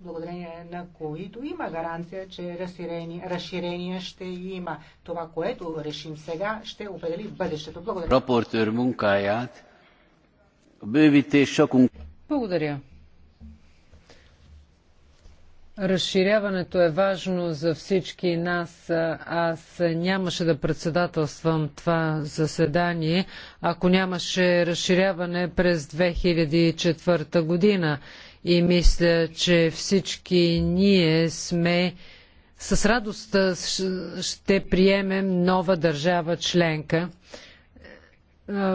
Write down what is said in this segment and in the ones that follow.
благодарение на които има гаранция, че разширение ще има. Това, което решим сега, ще определи бъдещето. Благодаря. Рапортер Мункаят. Благодаря. Разширяването е важно за всички нас. Аз нямаше да председателствам това заседание, ако нямаше разширяване през 2004 година и мисля, че всички ние сме с радост ще приемем нова държава членка.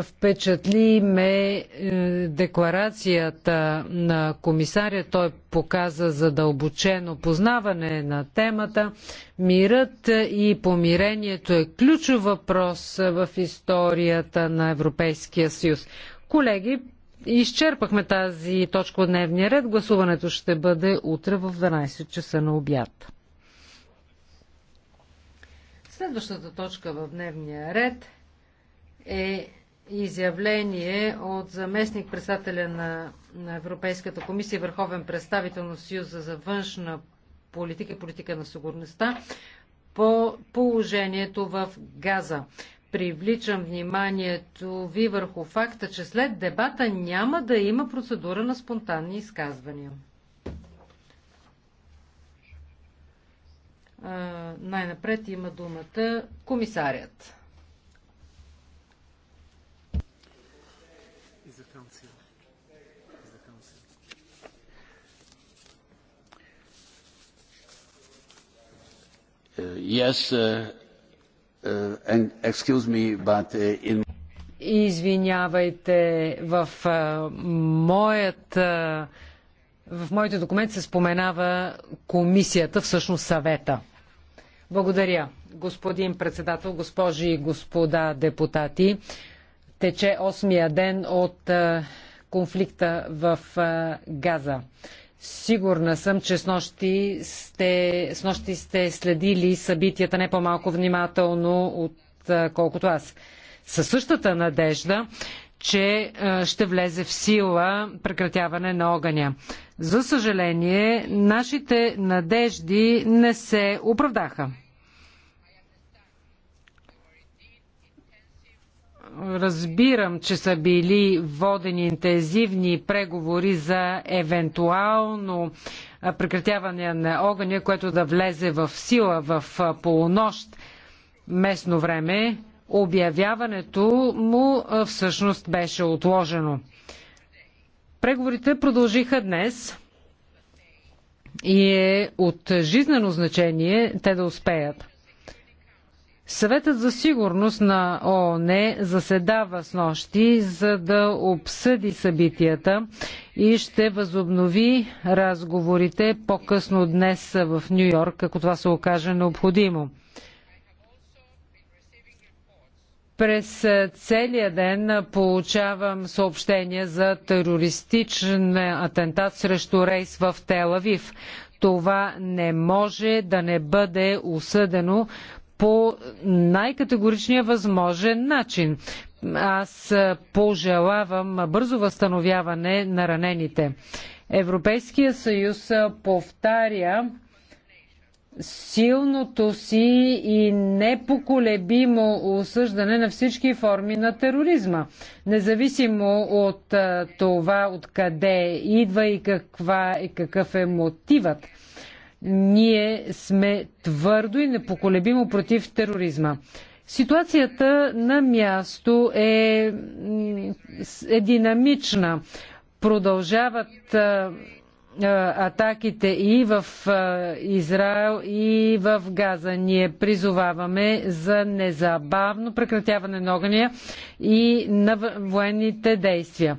Впечатли ме е, декларацията на комисаря. Той показа задълбочено познаване на темата. Мирът и помирението е ключов въпрос в историята на Европейския съюз. Колеги, изчерпахме тази точка от дневния ред. Гласуването ще бъде утре в 12 часа на обяд. Следващата точка в дневния ред е изявление от заместник председателя на, на Европейската комисия, върховен представител на Съюза за външна политика и политика на сигурността по положението в Газа привличам вниманието ви върху факта, че след дебата няма да има процедура на спонтанни изказвания. най-напред има думата комисарят. Yes, е, uh, Uh, uh, Извинявайте, в моят в моите документи се споменава комисията, всъщност съвета. Благодаря, господин председател, госпожи и господа депутати. Тече осмия ден от конфликта в Газа. Сигурна съм, че с нощи сте, с нощи сте следили събитията не по-малко внимателно от колкото аз. Със същата надежда, че ще влезе в сила прекратяване на огъня. За съжаление, нашите надежди не се оправдаха. разбирам, че са били водени интензивни преговори за евентуално прекратяване на огъня, което да влезе в сила в полунощ местно време, обявяването му всъщност беше отложено. Преговорите продължиха днес и е от жизнено значение те да успеят. Съветът за сигурност на ООН заседава с нощи, за да обсъди събитията и ще възобнови разговорите по-късно днес в Нью Йорк, ако това се окаже необходимо. През целия ден получавам съобщения за терористичен атентат срещу рейс в Телавив. Това не може да не бъде осъдено по най-категоричния възможен начин. Аз пожелавам бързо възстановяване на ранените. Европейския съюз повтаря силното си и непоколебимо осъждане на всички форми на тероризма, независимо от това откъде идва и, каква, и какъв е мотивът. Ние сме твърдо и непоколебимо против тероризма. Ситуацията на място е, е динамична. Продължават а, атаките и в а, Израел, и в Газа. Ние призоваваме за незабавно прекратяване на огъня и на военните действия.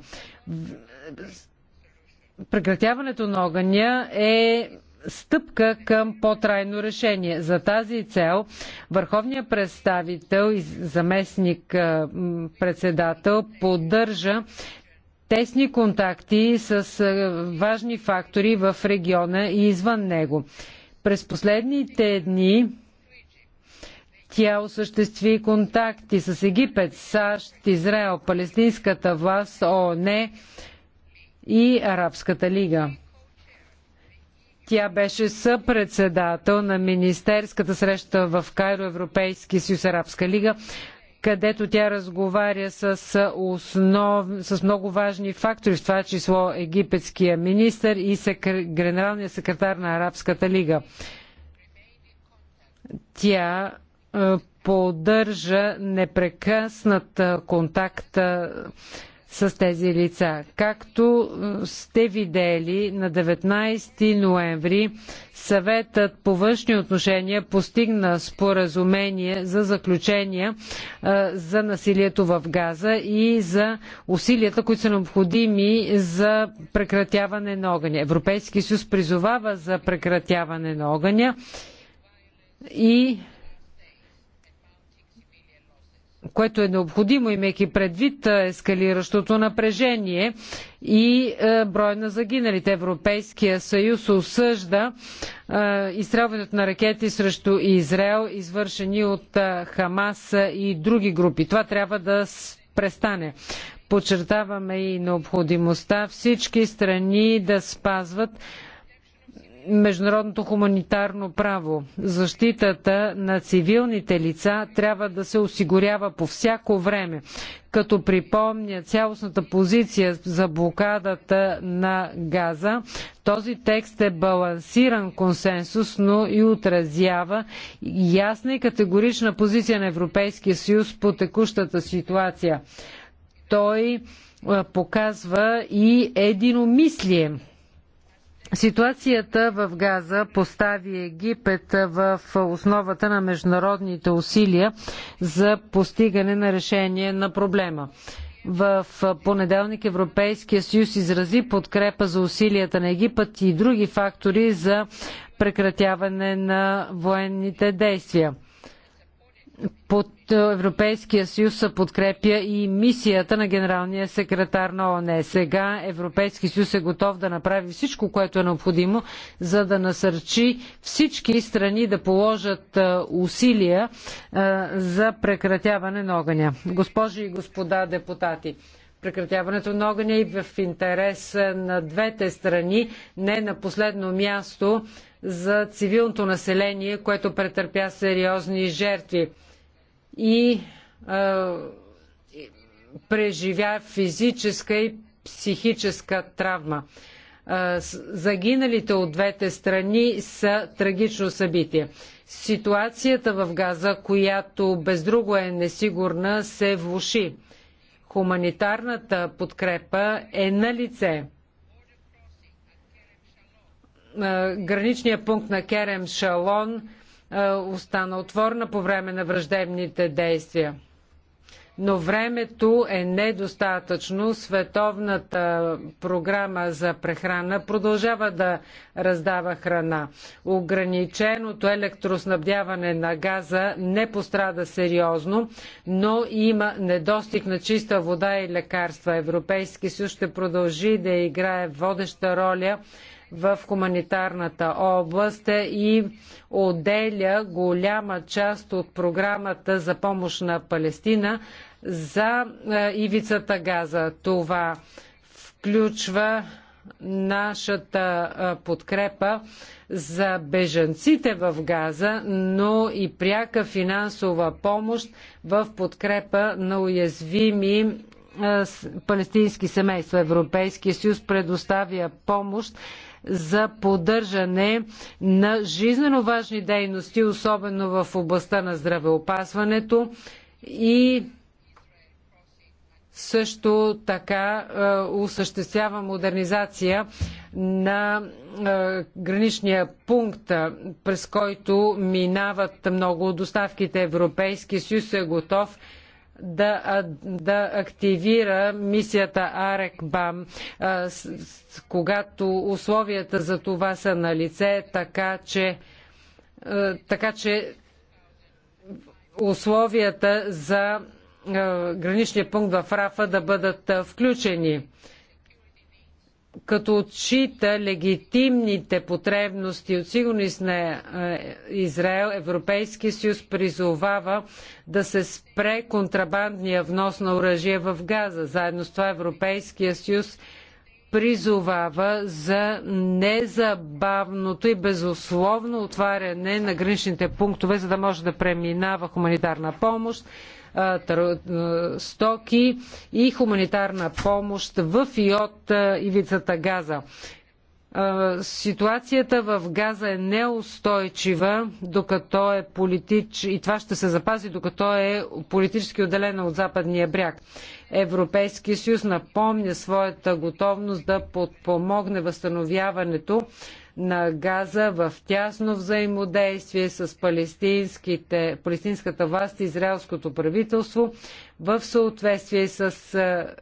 Прекратяването на огъня е стъпка към по-трайно решение. За тази цел върховният представител и заместник председател поддържа тесни контакти с важни фактори в региона и извън него. През последните дни тя осъществи контакти с Египет, САЩ, Израел, палестинската власт, ООН и Арабската лига. Тя беше съпредседател на министерската среща в Кайро Европейски съюз Арабска лига, където тя разговаря с, основ... с много важни фактори, в това число египетския министр и секр... генералния секретар на Арабската лига. Тя е, поддържа непрекъснат е, контакт е, с тези лица. Както е, сте видели, на 19 ноември съветът по външни отношения постигна споразумение за заключения е, за насилието в Газа и за усилията, които са необходими за прекратяване на огъня. Европейски съюз призовава за прекратяване на огъня и което е необходимо, имайки предвид ескалиращото напрежение и брой на загиналите. Европейския съюз осъжда изстрелването на ракети срещу Израел, извършени от Хамас и други групи. Това трябва да престане. Подчертаваме и необходимостта всички страни да спазват международното хуманитарно право. Защитата на цивилните лица трябва да се осигурява по всяко време, като припомня цялостната позиция за блокадата на газа. Този текст е балансиран консенсус, но и отразява ясна и категорична позиция на Европейския съюз по текущата ситуация. Той показва и единомислие Ситуацията в Газа постави Египет в основата на международните усилия за постигане на решение на проблема. В понеделник Европейския съюз изрази подкрепа за усилията на Египет и други фактори за прекратяване на военните действия под Европейския съюз подкрепя и мисията на генералния секретар на ОНЕ Сега Европейския съюз е готов да направи всичко, което е необходимо, за да насърчи всички страни да положат усилия за прекратяване на огъня. Госпожи и господа депутати, прекратяването на огъня е и в интерес на двете страни, не на последно място за цивилното население, което претърпя сериозни жертви и а, преживя физическа и психическа травма. А, загиналите от двете страни са трагично събитие. Ситуацията в Газа, която без друго е несигурна, се влуши. Хуманитарната подкрепа е на лице Граничният пункт на Керем Шалон е, остана отворена по време на враждебните действия. Но времето е недостатъчно. Световната програма за прехрана продължава да раздава храна. Ограниченото електроснабдяване на газа не пострада сериозно, но има недостиг на чиста вода и лекарства. Европейски съюз ще продължи да играе водеща роля в хуманитарната област е и отделя голяма част от програмата за помощ на Палестина за е, ивицата Газа. Това включва нашата е, подкрепа за бежанците в Газа, но и пряка финансова помощ в подкрепа на уязвими палестински семейства. Европейския съюз предоставя помощ за поддържане на жизнено важни дейности, особено в областта на здравеопазването и също така е, осъществява модернизация на е, граничния пункт, е, през който минават много доставките. Европейски съюз е готов да, да активира мисията АРЕКБАМ, когато условията за това са на лице, така че, така че условията за граничния пункт в Рафа да бъдат включени като отчита легитимните потребности от сигурност на е, Израел, Европейския съюз призовава да се спре контрабандния внос на оръжие в Газа. Заедно с това Европейския съюз призовава за незабавното и безусловно отваряне на граничните пунктове, за да може да преминава хуманитарна помощ стоки и хуманитарна помощ в и от ивицата Газа. Ситуацията в Газа е неустойчива, докато е политич... и това ще се запази, докато е политически отделена от западния бряг. Европейския съюз напомня своята готовност да подпомогне възстановяването на Газа в тясно взаимодействие с палестинската власт и израелското правителство в съответствие с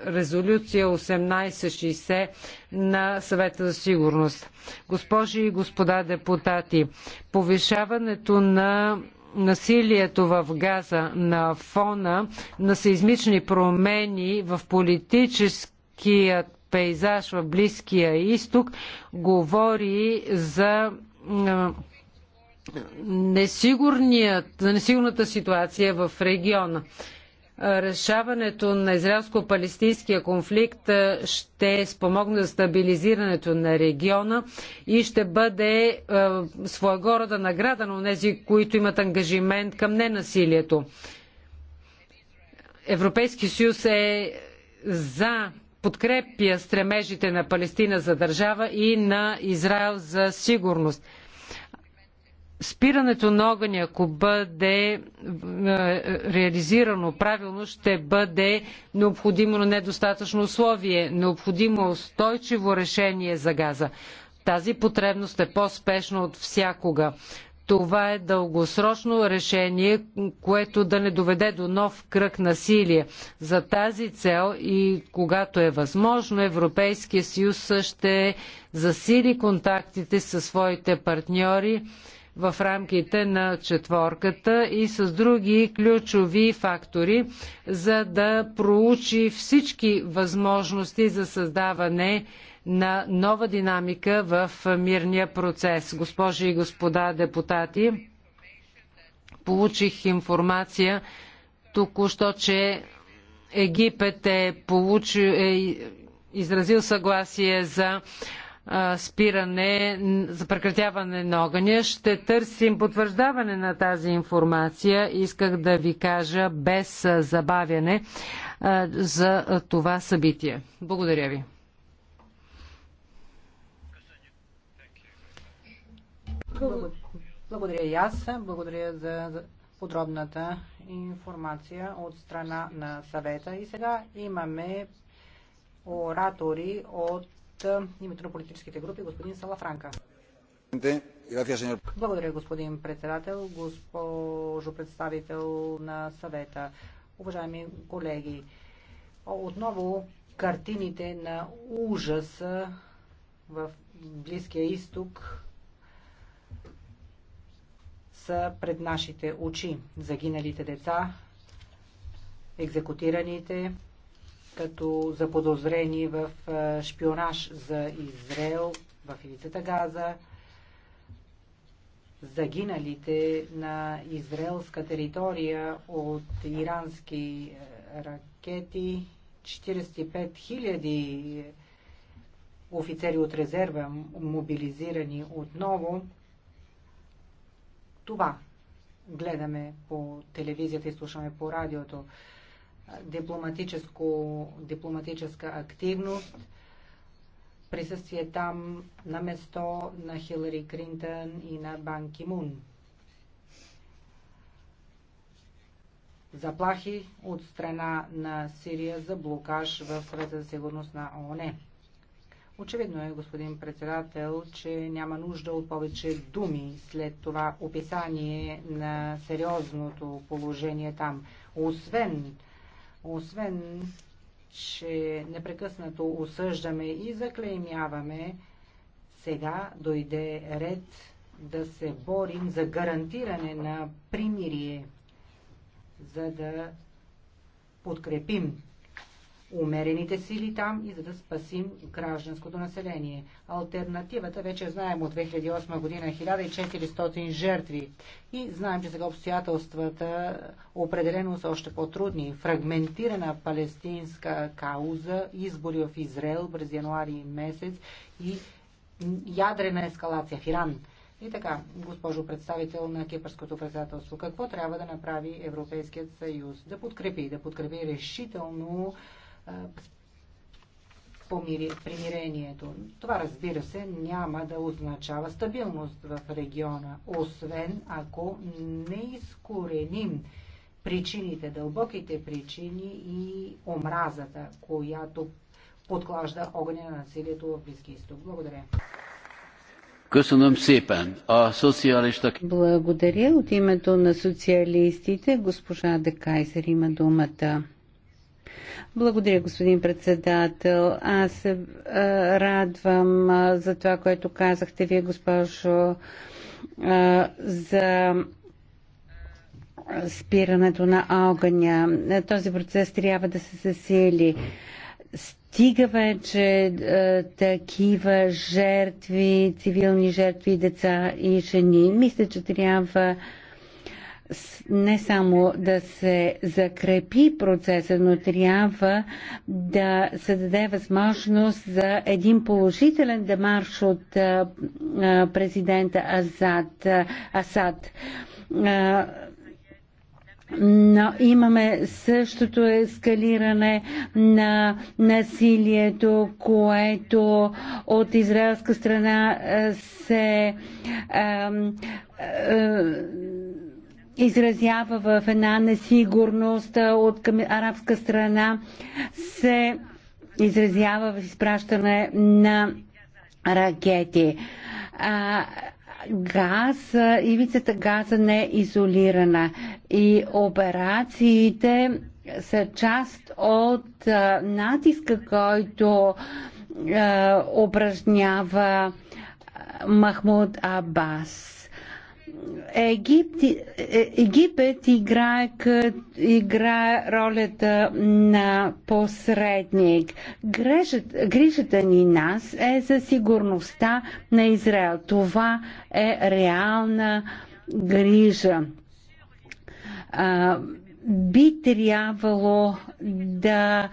резолюция 1860 на съвета за сигурност. Госпожи и господа депутати, повишаването на насилието в Газа на фона на сейзмични промени в политическият пейзаж в Близкия изток говори за несигурната ситуация в региона. Решаването на израелско-палестинския конфликт ще спомогне за стабилизирането на региона и ще бъде своя своего рода награда на тези, които имат ангажимент към ненасилието. Европейски съюз е за подкрепя стремежите на Палестина за държава и на Израел за сигурност. Спирането на огъня, ако бъде е, е, реализирано правилно, ще бъде необходимо на недостатъчно условие, необходимо устойчиво решение за газа. Тази потребност е по-спешна от всякога. Това е дългосрочно решение, което да не доведе до нов кръг насилие. За тази цел и когато е възможно, Европейския съюз ще засили контактите със своите партньори в рамките на четворката и с други ключови фактори, за да проучи всички възможности за създаване на нова динамика в мирния процес. Госпожи и господа депутати, получих информация току-що, че Египет е, получи, е изразил съгласие за спиране, за прекратяване на огъня. Ще търсим потвърждаване на тази информация. Исках да ви кажа без забавяне за това събитие. Благодаря ви. Благодаря и аз. Благодаря за подробната информация от страна на съвета. И сега имаме оратори от името на политическите групи. Господин Салафранка. Благодаря, господин председател, госпожо представител на съвета. Уважаеми колеги, отново картините на ужаса в Близкия изток са пред нашите очи. Загиналите деца, екзекутираните като заподозрени в шпионаж за Израел в ивицата Газа, загиналите на израелска територия от ирански ракети, 45 000 офицери от резерва мобилизирани отново, това гледаме по телевизията и слушаме по радиото. Дипломатическо, дипломатическа активност, присъствие там на место на Хилари Клинтън и на Бан Кимун. Заплахи от страна на Сирия за блокаж в Съвета за сигурност на ООН. Очевидно е, господин председател, че няма нужда от повече думи след това описание на сериозното положение там. Освен, освен че непрекъснато осъждаме и заклеймяваме, сега дойде ред да се борим за гарантиране на примирие, за да подкрепим умерените сили там и за да спасим гражданското население. Альтернативата вече знаем от 2008 година 1400 жертви и знаем, че сега обстоятелствата определено са още по-трудни. Фрагментирана палестинска кауза, избори в Израел през януари месец и ядрена ескалация в Иран. И така, госпожо представител на Кипърското председателство, какво трябва да направи Европейският съюз? Да подкрепи, да подкрепи решително примирението. Това разбира се няма да означава стабилност в региона, освен ако не изкореним причините, дълбоките причини и омразата, която подклажда огъня на насилието в Близки изток. Благодаря. Благодаря. От името на социалистите госпожа Декайзер има думата. Благодаря, господин председател. Аз се радвам за това, което казахте вие, госпожо, за спирането на огъня. Този процес трябва да се засили. Стига вече е, такива жертви, цивилни жертви, деца и жени. Мисля, че трябва не само да се закрепи процеса, но трябва да се даде възможност за един положителен демарш от президента Азад, Асад. Но имаме същото ескалиране на насилието, което от израелска страна се изразява в една несигурност от към арабска страна, се изразява в изпращане на ракети. А, газ, ивицата газа не е изолирана и операциите са част от натиска, който упражнява Махмуд Абас. Египт, е, Египет играе, кът, играе ролята на посредник. Грежата, грижата ни нас е за сигурността на Израел. Това е реална грижа. А, би трябвало да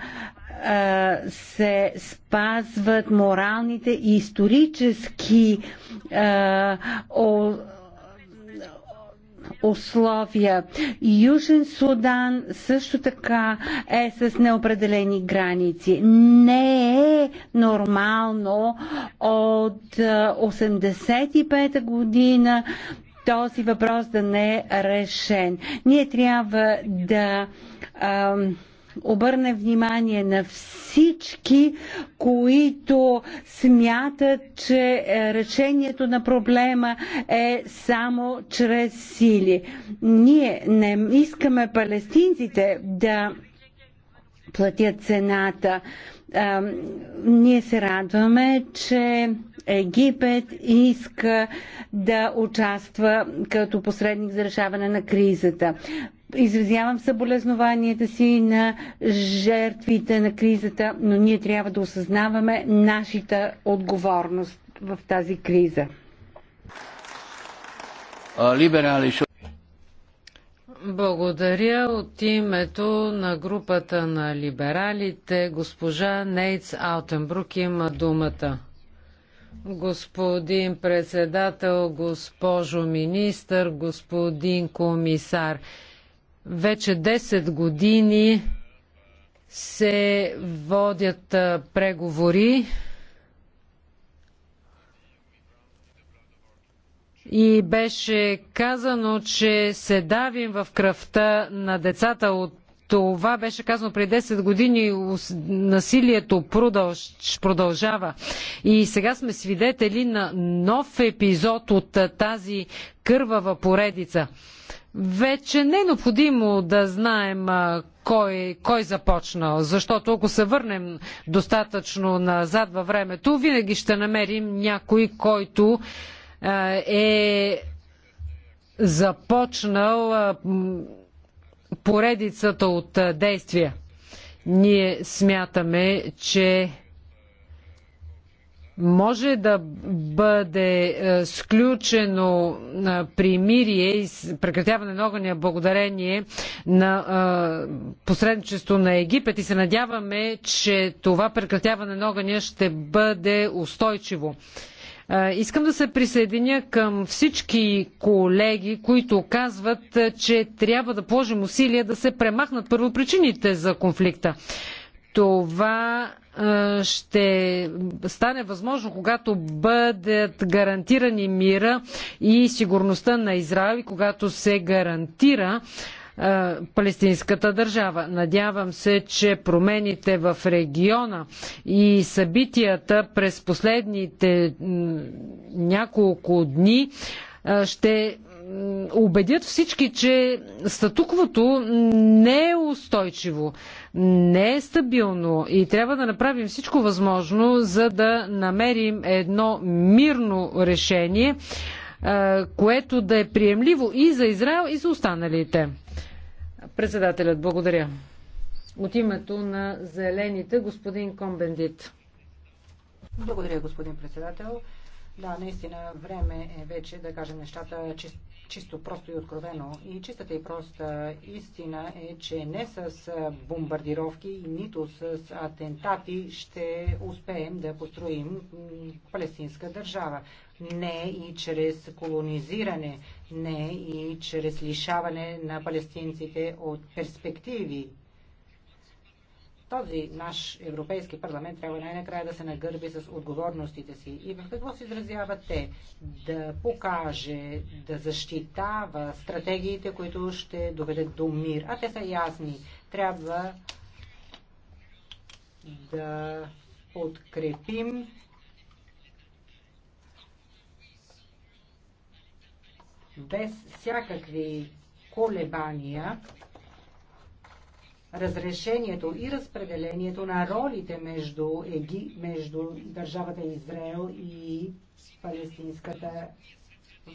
а, се спазват моралните и исторически а, о, условия. Южен Судан също така е с неопределени граници. Не е нормално от 85 е, година този въпрос да не е решен. Ние трябва да. Ам, обърне внимание на всички, които смятат, че е, решението на проблема е само чрез сили. Ние не искаме палестинците да платят цената. А, е, ние се радваме, че Египет иска да участва като посредник за решаване на кризата. Изразявам съболезнованията си на жертвите на кризата, но ние трябва да осъзнаваме нашата отговорност в тази криза. Либерали благодаря от името на групата на либералите. Госпожа Нейц Аутенбрук има думата. Господин председател, госпожо министър, господин комисар. Вече 10 години се водят преговори и беше казано, че се давим в кръвта на децата от това беше казано преди 10 години. Насилието продълж, продължава. И сега сме свидетели на нов епизод от тази кървава поредица. Вече не е необходимо да знаем кой, кой започна, защото ако се върнем достатъчно назад във времето, винаги ще намерим някой, който е започнал поредицата от действия. Ние смятаме, че може да бъде сключено примирие и прекратяване на огъня благодарение на посредничество на Египет и се надяваме, че това прекратяване на огъня ще бъде устойчиво. Искам да се присъединя към всички колеги, които казват, че трябва да положим усилия да се премахнат първопричините за конфликта. Това ще стане възможно, когато бъдат гарантирани мира и сигурността на Израел и когато се гарантира е, палестинската държава. Надявам се, че промените в региона и събитията през последните няколко дни е, ще убедят всички, че статуквото не е устойчиво, не е стабилно и трябва да направим всичко възможно, за да намерим едно мирно решение, е, което да е приемливо и за Израел, и за останалите. Председателят, благодаря. От името на зелените, господин Комбендит. Благодаря, господин председател. Да, наистина време е вече да кажем нещата чисто чисто, просто и откровено. И чистата и проста истина е, че не с бомбардировки, нито с атентати ще успеем да построим палестинска държава. Не и чрез колонизиране, не и чрез лишаване на палестинците от перспективи, този наш Европейски парламент трябва най-накрая да се нагърби с отговорностите си. И в какво се изразяват те? Да покаже, да защитава стратегиите, които ще доведат до мир. А те са ясни. Трябва да подкрепим без всякакви колебания разрешението и разпределението на ролите между, еги, между държавата Израел и палестинската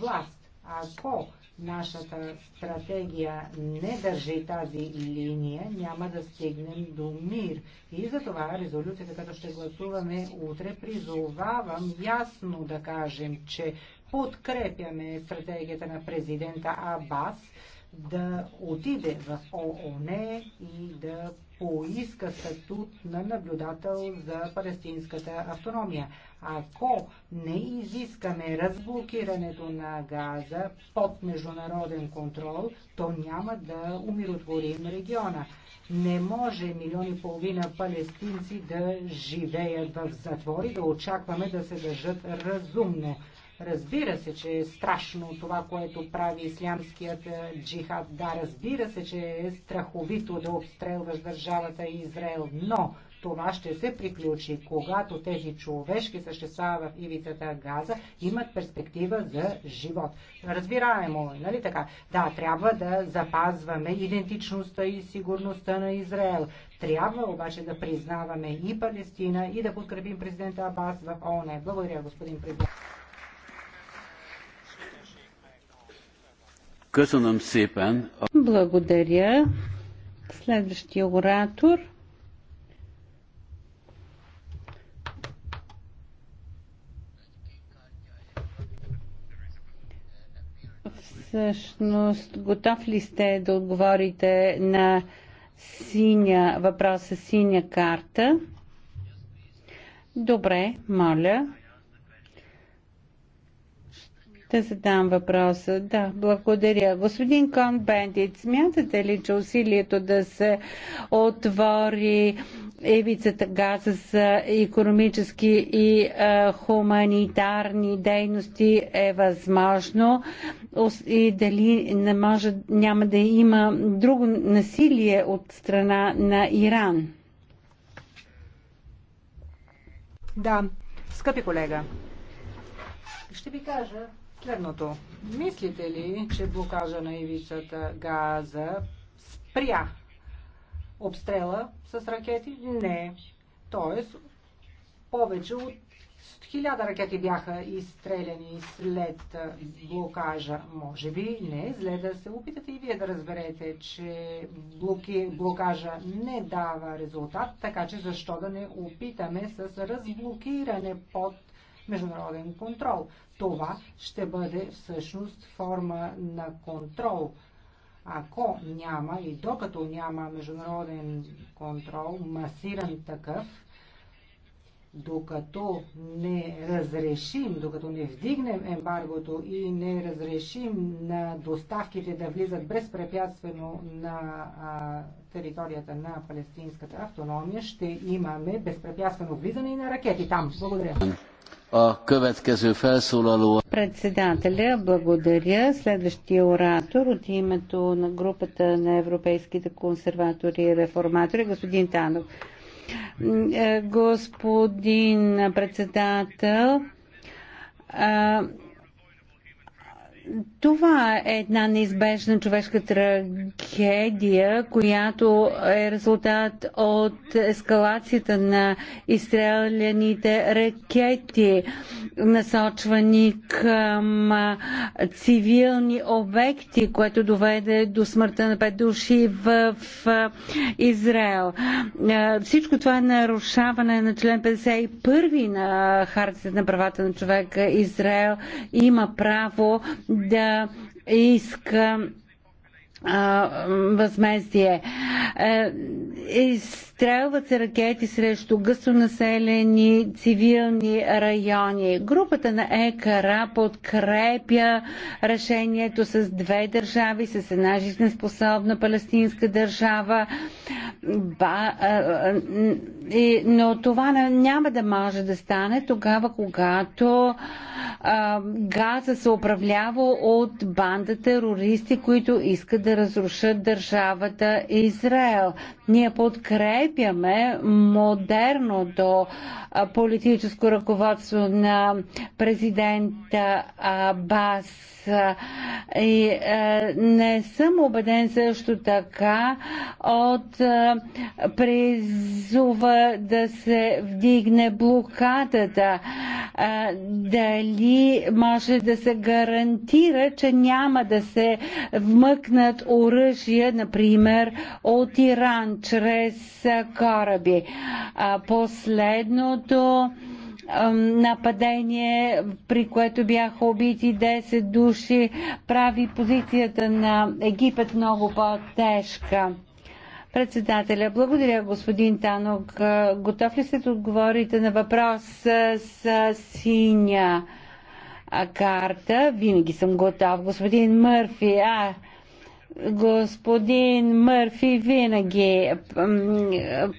власт. Ако нашата стратегия не държи тази линия, няма да стигнем до мир. И за това резолюцията, като ще гласуваме утре, призовавам ясно да кажем, че подкрепяме стратегията на президента Абас, да отиде в ООН и да поиска статут на наблюдател за палестинската автономия. Ако не изискаме разблокирането на газа под международен контрол, то няма да умиротворим региона. Не може милиони и половина палестинци да живеят в затвори, да очакваме да се държат разумно. Разбира се, че е страшно това, което прави ислямският е, джихад. Да, разбира се, че е страховито да обстрелваш държавата Израел, но това ще се приключи, когато тези човешки същества в ивицата Газа имат перспектива за живот. Разбираемо е, нали така? Да, трябва да запазваме идентичността и сигурността на Израел. Трябва обаче да признаваме и Палестина и да подкрепим президента Абас в ООН. Благодаря, господин президент. Благодаря. Следващия оратор. Всъщност, готов ли сте да отговорите на синя, въпроса синя карта? Добре, моля да задам въпроса. Да, благодаря. Господин Кон Бендит, смятате ли, че усилието да се отвори евицата газа за економически и а, хуманитарни дейности е възможно и дали не може, няма да има друго насилие от страна на Иран? Да, скъпи колега, ще ви кажа, Следното. Мислите ли, че блокажа на ивицата Газа спря обстрела с ракети? Не. Тоест, повече от хиляда ракети бяха изстреляни след блокажа. Може би не е зле да се опитате и вие да разберете, че блоки, блокажа не дава резултат, така че защо да не опитаме с разблокиране под международен контрол. Това ще бъде всъщност форма на контрол. Ако няма и докато няма международен контрол, масиран такъв, докато не разрешим, докато не вдигнем ембаргото и не разрешим на доставките да влизат безпрепятствено на а, територията на палестинската автономия, ще имаме безпрепятствено влизане и на ракети там. Благодаря. Председателя, благодаря. Следващия оратор от името на групата на европейските консерватори и реформатори, господин Танов. Е, господин председател, това е една неизбежна човешка трагедия, която е резултат от ескалацията на изстреляните ракети, насочвани към цивилни обекти, което доведе до смъртта на пет души в Израел. Всичко това е нарушаване на член 51 на Хартията на правата на човека. Израел има право да иска възмездие. Е, изстрелват се ракети срещу гъстонаселени цивилни райони. Групата на ЕКРА подкрепя решението с две държави, с една жизнеспособна палестинска държава. Ба, но това няма да може да стане тогава, когато газа се управлява от банда терористи, които искат да да разрушат държавата Израел. Ние подкрепяме модерното политическо ръководство на президента Бас. И е, не съм убеден също така от е, призува да се вдигне блокадата. Е, дали може да се гарантира, че няма да се вмъкнат имат оръжие, например, от Иран чрез кораби. Последното нападение, при което бяха убити 10 души, прави позицията на Египет много по-тежка. Председателя, благодаря господин Танок. Готов ли сте да отговорите на въпрос с, с синя карта? Винаги съм готов. Господин Мърфи, а, господин Мърфи винаги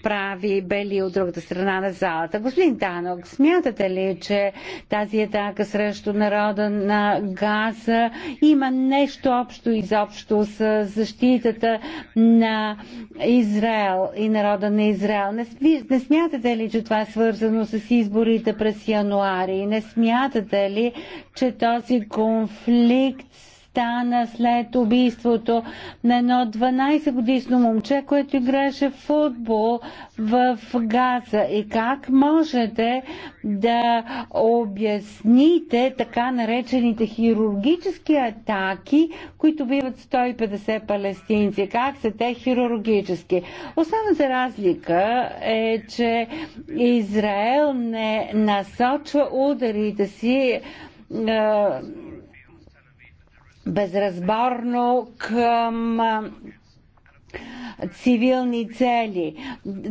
прави бели от другата страна на залата. Господин Танок, смятате ли, че тази атака срещу народа на Газа има нещо общо изобщо с защитата на Израел и народа на Израел? Не, не смятате ли, че това е свързано с изборите през януари? Не смятате ли, че този конфликт стана след убийството на едно 12 годишно момче, което играеше в футбол в Газа. И как можете да обясните така наречените хирургически атаки, които биват 150 палестинци? Как са те хирургически? Основната разлика е, че Израел не насочва ударите си е, безразборно към цивилни цели.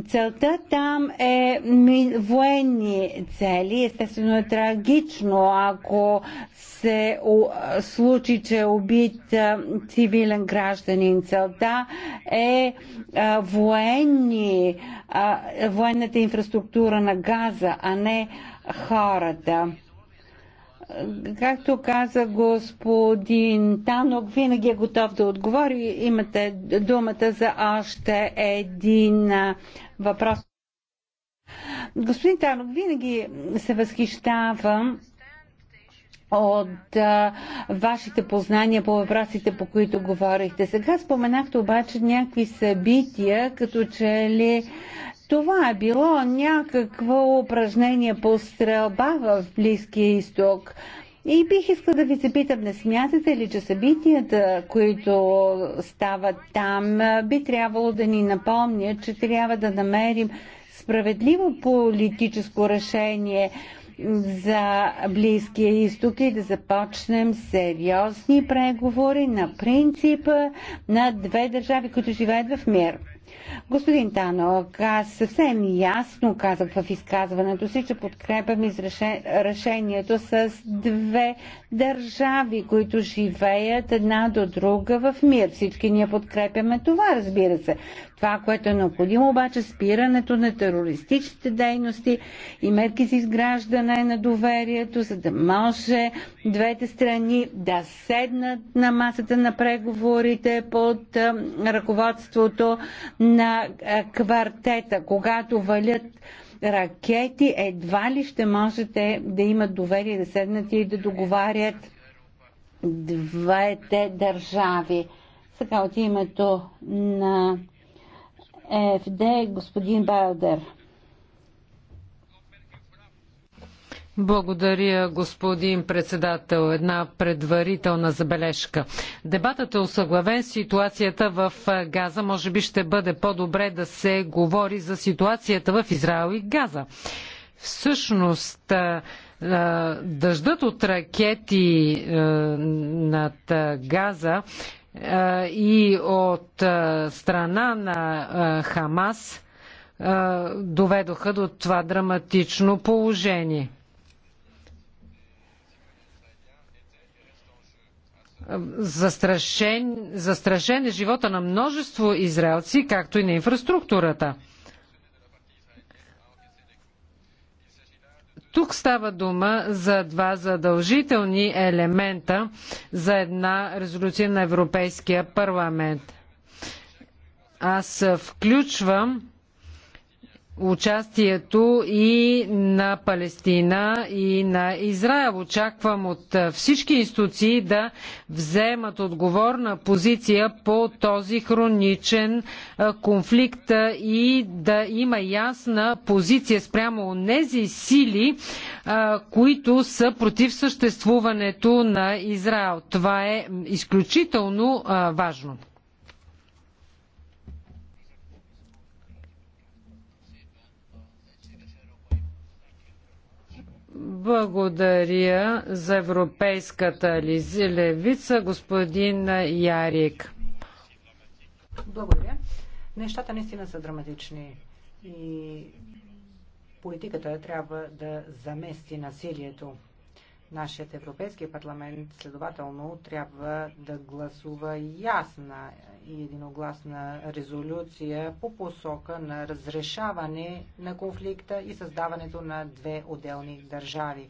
Целта там е военни цели. Естествено е трагично, ако се случи, че е убит цивилен гражданин. Целта е военни, военната инфраструктура на газа, а не хората. Както каза господин Танок, винаги е готов да отговори. Имате думата за още един въпрос. Господин Танок, винаги се възхищавам от а, вашите познания по въпросите, по които говорихте. Сега споменахте обаче някакви събития, като че ли това е било някакво упражнение по стрелба в Близкия изток. И бих искал да ви запитам, не смятате ли, че събитията, които стават там, би трябвало да ни напомнят, че трябва да намерим справедливо политическо решение за Близкия изток и да започнем сериозни преговори на принципа на две държави, които живеят в мир. Господин Тано, аз съвсем ясно казах в изказването си, че подкрепям решението с две държави, които живеят една до друга в мир. Всички ние подкрепяме това, разбира се. Това, което е необходимо обаче, спирането на терористичните дейности и мерки за изграждане на доверието, за да може двете страни да седнат на масата на преговорите под ръководството на квартета, когато валят ракети, едва ли ще можете да имат доверие да седнат и да договарят двете държави. Сега от името на ЕФД, господин Байлдер. Благодаря, господин председател. Една предварителна забележка. Дебатът е осъглавен. Ситуацията в Газа може би ще бъде по-добре да се говори за ситуацията в Израел и Газа. Всъщност, дъждът от ракети над Газа е, и от е, страна на е, Хамас доведоха до това драматично положение. Застрашен, застрашен е живота на множество израелци, както и на инфраструктурата. Тук става дума за два задължителни елемента за една резолюция на Европейския парламент. Аз включвам участието и на Палестина и на Израел. Очаквам от всички институции да вземат отговорна позиция по този хроничен конфликт и да има ясна позиция спрямо тези сили, които са против съществуването на Израел. Това е изключително важно. Благодаря за европейската левица, господин Ярик. Благодаря. Нещата наистина са драматични и политиката трябва да замести насилието. Нашият Европейски парламент следователно трябва да гласува ясна и единогласна резолюция по посока на разрешаване на конфликта и създаването на две отделни държави.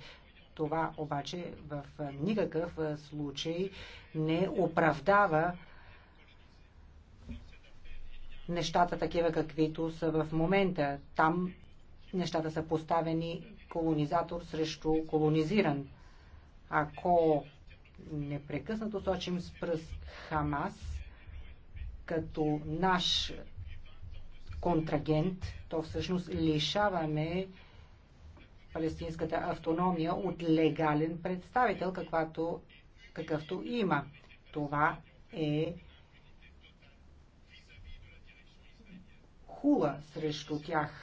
Това обаче в никакъв случай не оправдава нещата такива каквито са в момента. Там нещата са поставени колонизатор срещу колонизиран. Ако непрекъснато сочим с пръст Хамас, като наш контрагент, то всъщност лишаваме палестинската автономия от легален представител, каквато, какъвто има. Това е хула срещу тях.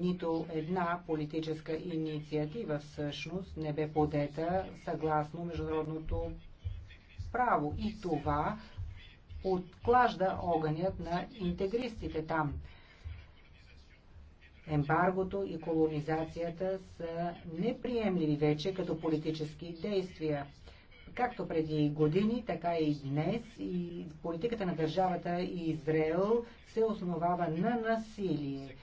Нито една политическа инициатива всъщност не бе подета съгласно международното право. И това отклажда огънят на интегристите там. Ембаргото и колонизацията са неприемливи вече като политически действия. Както преди години, така и днес и политиката на държавата и Израел се основава на насилие.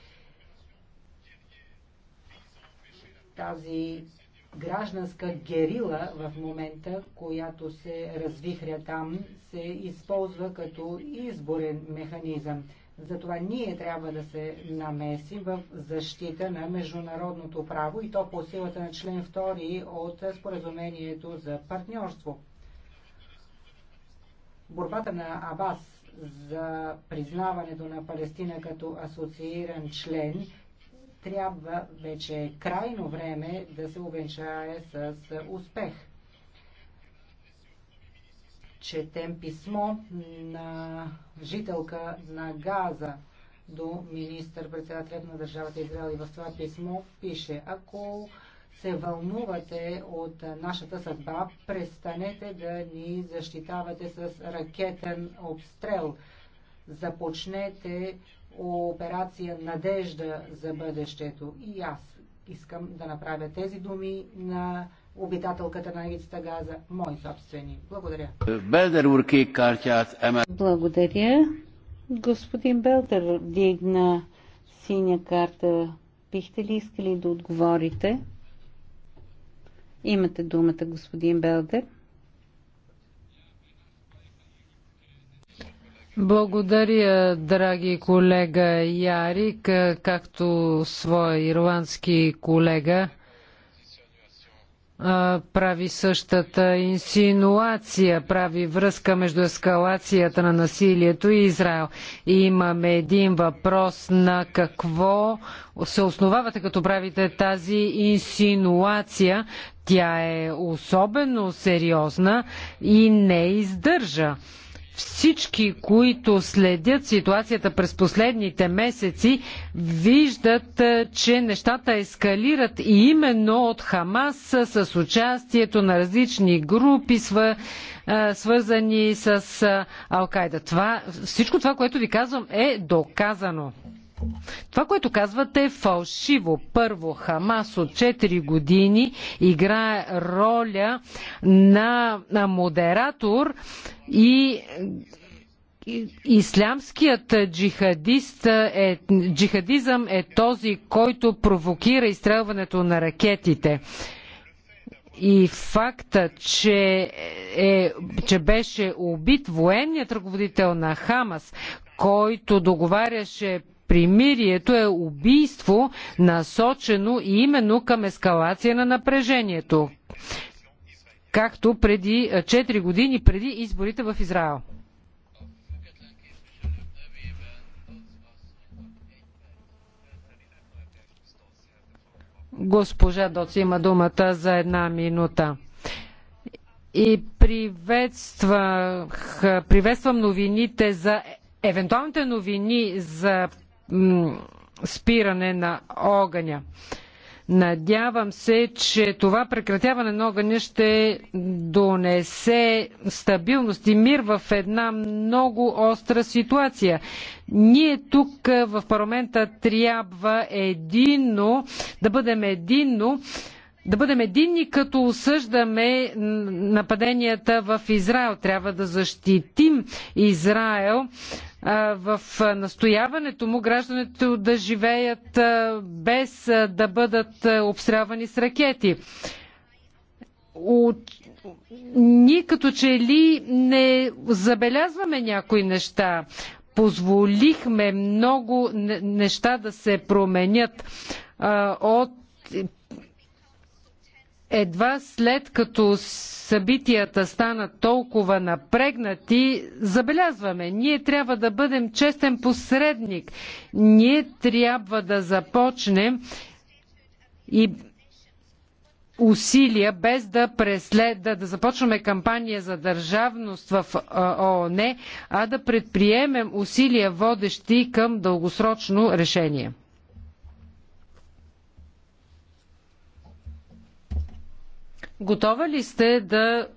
Тази гражданска герила в момента, която се развихря там, се използва като изборен механизъм. Затова ние трябва да се намесим в защита на международното право и то по силата на член 2 от споразумението за партньорство. Борбата на Абас за признаването на Палестина като асоцииран член – трябва вече крайно време да се увенчае с успех. Четем писмо на жителка на Газа до министър-председателят на държавата Израел и в това писмо пише, ако се вълнувате от нашата съдба, престанете да ни защитавате с ракетен обстрел. Започнете операция Надежда за бъдещето. И аз искам да направя тези думи на обитателката на ивицата Газа, мои собствени. Благодаря. Благодаря. Господин Белдер дигна синя карта. Бихте ли искали да отговорите? Имате думата, господин Белдер. Благодаря, драги колега Ярик, както своя ирландски колега прави същата инсинуация, прави връзка между ескалацията на насилието и Израел. имаме един въпрос на какво се основавате, като правите тази инсинуация. Тя е особено сериозна и не издържа всички, които следят ситуацията през последните месеци, виждат, е, че нещата ескалират и именно от Хамас е, с участието на различни групи, е, свързани с Алкайда. Това, всичко това, което ви казвам, е доказано. Това, което казвате е фалшиво. Първо, Хамас от 4 години играе роля на модератор и Ислямският джихадист е, джихадизъм е този, който провокира изстрелването на ракетите. И факта, че, е, че беше убит военният ръководител на Хамас, който договаряше Примирието е убийство, насочено именно към ескалация на напрежението, както преди 4 е, години преди изборите в Израел. Госпожа Доци има думата за една минута. И приветствах, приветствам новините за евентуалните новини за спиране на огъня. Надявам се, че това прекратяване на огъня ще донесе стабилност и мир в една много остра ситуация. Ние тук в парламента трябва единно, да бъдем единно да бъдем единни, като осъждаме нападенията в Израел. Трябва да защитим Израел в настояването му гражданите да живеят без да бъдат обстрелвани с ракети. От... Ние като че ли не забелязваме някои неща. Позволихме много неща да се променят от едва след като събитията станат толкова напрегнати, забелязваме. Ние трябва да бъдем честен посредник. Ние трябва да започнем и усилия, без да, преслед, да, да започваме кампания за държавност в ООН, а да предприемем усилия, водещи към дългосрочно решение. Готова ли сте да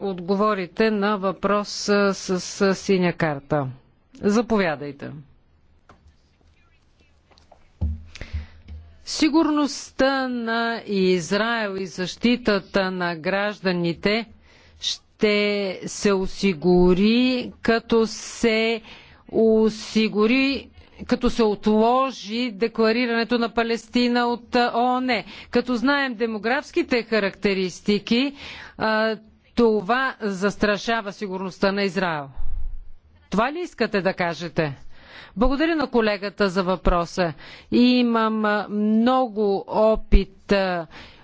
отговорите на въпрос с, с синя карта? Заповядайте. Сигурността на Израел и защитата на гражданите ще се осигури, като се осигури като се отложи декларирането на Палестина от ООН. Като знаем демографските характеристики, това застрашава сигурността на Израел. Това ли искате да кажете? Благодаря на колегата за въпроса. И имам много опит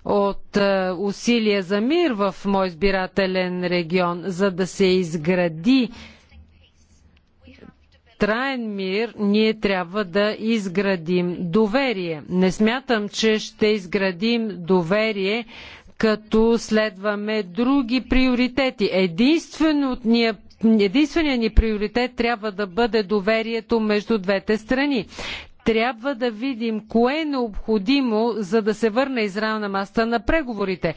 от усилия за мир в мой избирателен регион, за да се изгради траен мир ние трябва да изградим доверие. Не смятам, че ще изградим доверие като следваме други приоритети. Е- единственият ни приоритет трябва да бъде доверието между двете страни трябва да видим кое е необходимо, за да се върне Израел на маста на преговорите.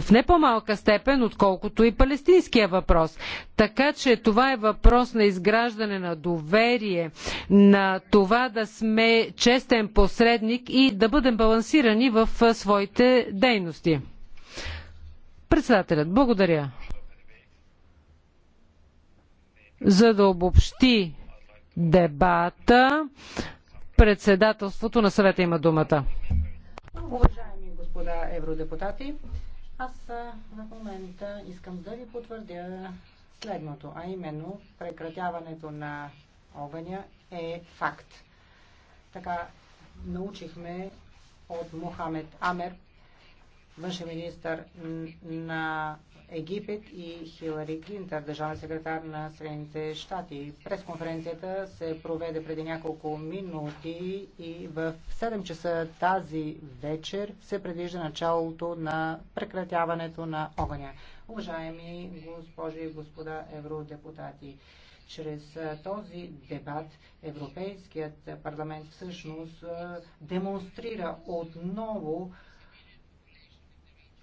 В не по-малка степен, отколкото и палестинския въпрос. Така че това е въпрос на изграждане на доверие, на това да сме честен посредник и да бъдем балансирани в своите дейности. Председателят, благодаря. За да обобщи дебата. Председателството на съвета има думата. Уважаеми господа евродепутати, аз в момента искам да ви потвърдя следното, а именно прекратяването на огъня е факт. Така научихме от Мохамед Амер, външен министр на Египет и Хилари Клинтър, държавен секретар на Съединените щати. Пресконференцията се проведе преди няколко минути и в 7 часа тази вечер се предвижда началото на прекратяването на огъня. Уважаеми госпожи и господа евродепутати, чрез този дебат Европейският парламент всъщност демонстрира отново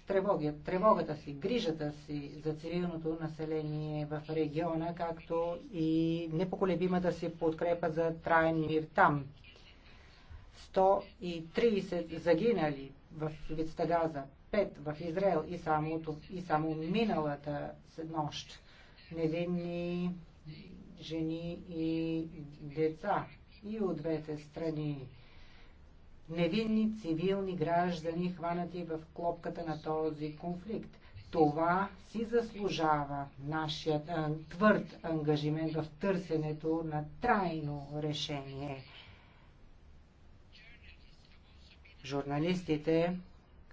тревоги, тревогата си, грижата си за цивилното население в региона, както и непоколебимата си подкрепа за траен мир там. 130 загинали в Вицта Газа, 5 в Израел и само, и само миналата нощ. Невинни жени и деца и от двете страни невинни цивилни граждани, хванати в клопката на този конфликт. Това си заслужава нашият а, твърд ангажимент в търсенето на трайно решение. Журналистите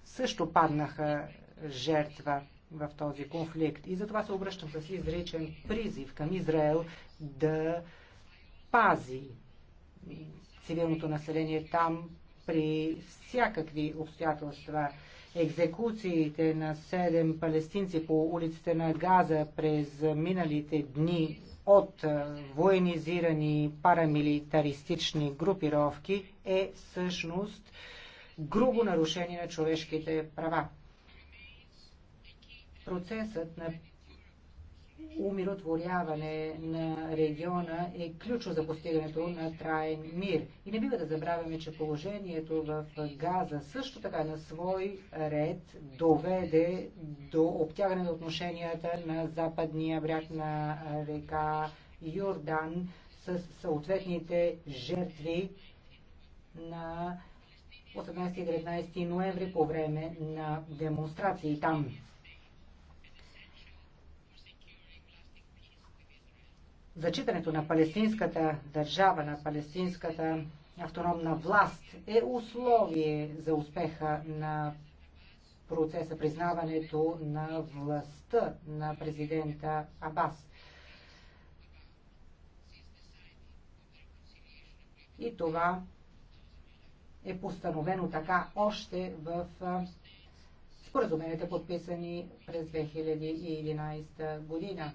също паднаха жертва в този конфликт. И затова се обръщам с изречен призив към Израел да пази цивилното население там при всякакви обстоятелства. Екзекуциите на седем палестинци по улиците на Газа през миналите дни от военизирани парамилитаристични групировки е всъщност грубо нарушение на човешките права. Процесът на умиротворяване на региона е ключо за постигането на траен мир. И не бива да забравяме, че положението в Газа също така на свой ред доведе до обтягане на отношенията на западния бряг на река Йордан с съответните жертви на 18-19 ноември по време на демонстрации там. зачитането на палестинската държава, на палестинската автономна власт е условие за успеха на процеса признаването на властта на президента Абас. И това е постановено така още в споразумените подписани през 2011 година.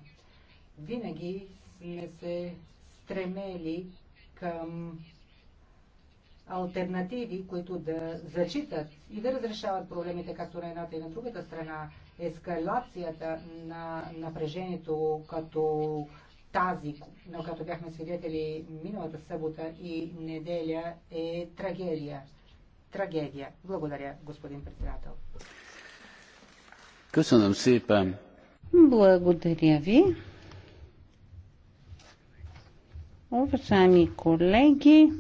Винаги сме се стремели към альтернативи, които да зачитат и да разрешават проблемите както на едната и на другата страна. Ескалацията на напрежението като тази, на която бяхме свидетели миналата събота и неделя, е трагедия. Трагедия. Благодаря, господин председател. Благодаря ви. Уважаеми колеги,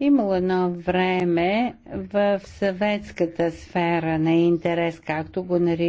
имало едно време в съветската сфера на интерес, както го нарича